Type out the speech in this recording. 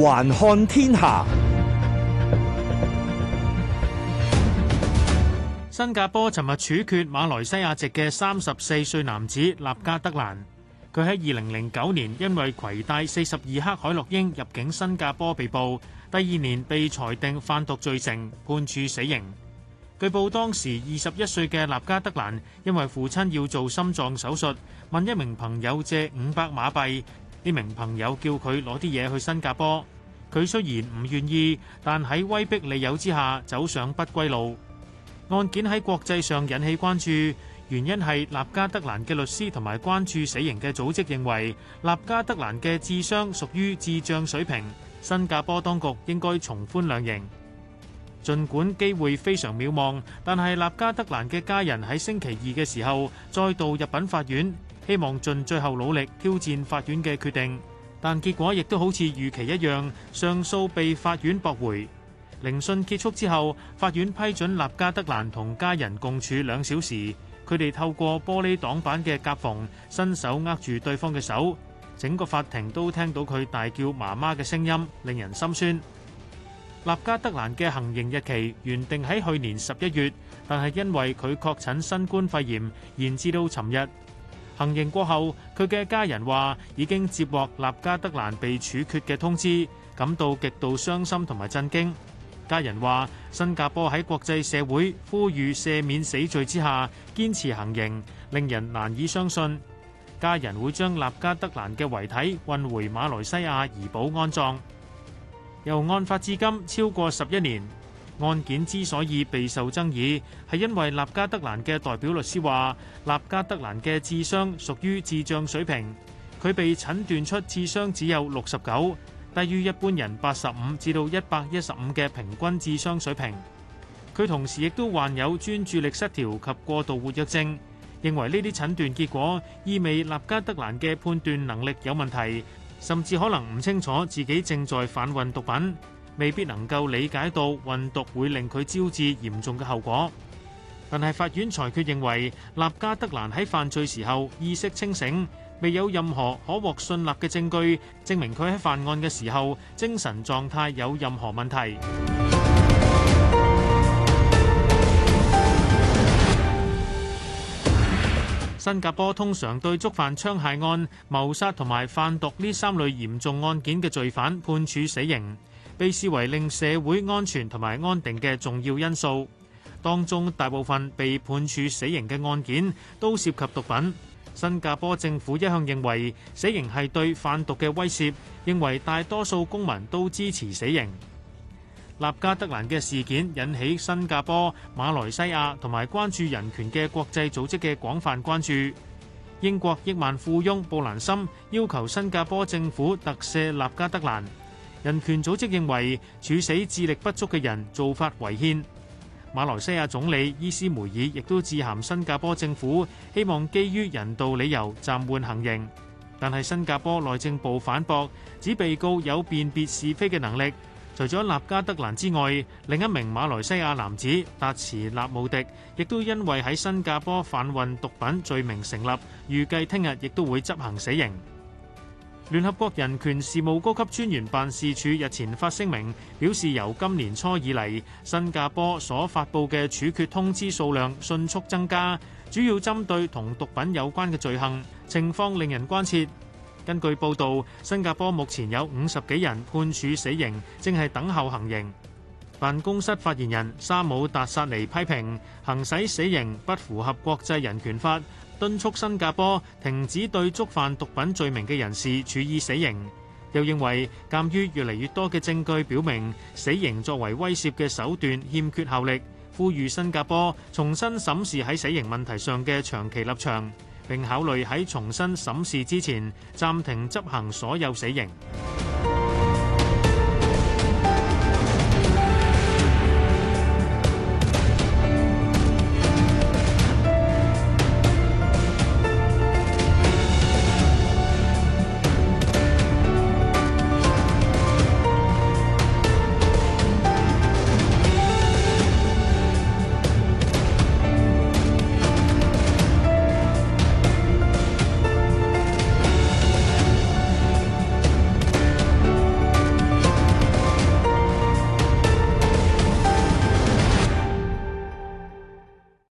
還看天下。新加坡尋日處決馬來西亞籍嘅三十四歲男子納加德蘭。佢喺二零零九年因為攜帶四十二克海洛英入境新加坡被捕，第二年被裁定販毒罪成，判處死刑。據報當時二十一歲嘅納加德蘭因為父親要做心臟手術，問一名朋友借五百馬幣。呢名朋友叫佢攞啲嘢去新加坡，佢雖然唔願意，但喺威逼利誘之下走上不歸路。案件喺國際上引起關注，原因係納加德蘭嘅律師同埋關注死刑嘅組織認為，納加德蘭嘅智商屬於智障水平，新加坡當局應該從寬量刑。儘管機會非常渺茫，但係納加德蘭嘅家人喺星期二嘅時候再度入稟法院。希望盡最後努力挑戰法院嘅決定，但結果亦都好似預期一樣，上訴被法院駁回。聆訊結束之後，法院批准納加德蘭同家人共處兩小時。佢哋透過玻璃擋板嘅夾縫，伸手握住對方嘅手，整個法庭都聽到佢大叫“媽媽”嘅聲音，令人心酸。納加德蘭嘅行刑日期原定喺去年十一月，但係因為佢確診新冠肺炎，延至到尋日。行刑過後，佢嘅家人話已經接獲納，納加德蘭被處決嘅通知，感到極度傷心同埋震驚。家人話，新加坡喺國際社會呼籲赦免死罪之下堅持行刑，令人難以相信。家人會將納加德蘭嘅遺體運回馬來西亞怡保安葬。由案發至今超過十一年。案件之所以備受爭議，係因為納加德蘭嘅代表律師話納加德蘭嘅智商屬於智障水平，佢被診斷出智商只有六十九，低於一般人八十五至到一百一十五嘅平均智商水平。佢同時亦都患有專注力失調及過度活躍症，認為呢啲診斷結果意味納加德蘭嘅判斷能力有問題，甚至可能唔清楚自己正在販運毒品。未必能夠理解到運毒會令佢招致嚴重嘅後果，但係法院裁決認為，納加德蘭喺犯罪時候意識清醒，未有任何可獲信納嘅證據證明佢喺犯案嘅時候精神狀態有任何問題。新加坡通常對觸犯槍械案、謀殺同埋販毒呢三類嚴重案件嘅罪犯判處死刑。被視為令社會安全同埋安定嘅重要因素，當中大部分被判處死刑嘅案件都涉及毒品。新加坡政府一向認為死刑係對販毒嘅威懾，認為大多數公民都支持死刑。納加德蘭嘅事件引起新加坡、馬來西亞同埋關注人權嘅國際組織嘅廣泛關注。英國億萬富翁布蘭森要求新加坡政府特赦納加德蘭。人權組織認為處死智力不足嘅人做法違憲。馬來西亞總理伊斯梅爾亦都致函新加坡政府，希望基於人道理由暫緩行刑。但係新加坡內政部反駁，指被告有辨別是非嘅能力。除咗納加德蘭之外，另一名馬來西亞男子達慈納姆迪迪，亦都因為喺新加坡販運毒品罪名成立，預計聽日亦都會執行死刑。聯合國人權事務高級專員辦事處日前發聲明，表示由今年初以嚟，新加坡所發佈嘅處決通知數量迅速增加，主要針對同毒品有關嘅罪行，情況令人關切。根據報導，新加坡目前有五十幾人判處死刑，正係等候行刑。辦公室發言人沙姆達薩尼批評行使死刑不符合國際人權法，敦促新加坡停止對觸犯毒品罪名嘅人士處以死刑。又認為，鑑於越嚟越多嘅證據表明，死刑作為威懾嘅手段欠缺效力，呼籲新加坡重新審視喺死刑問題上嘅長期立場，並考慮喺重新審視之前暫停執行所有死刑。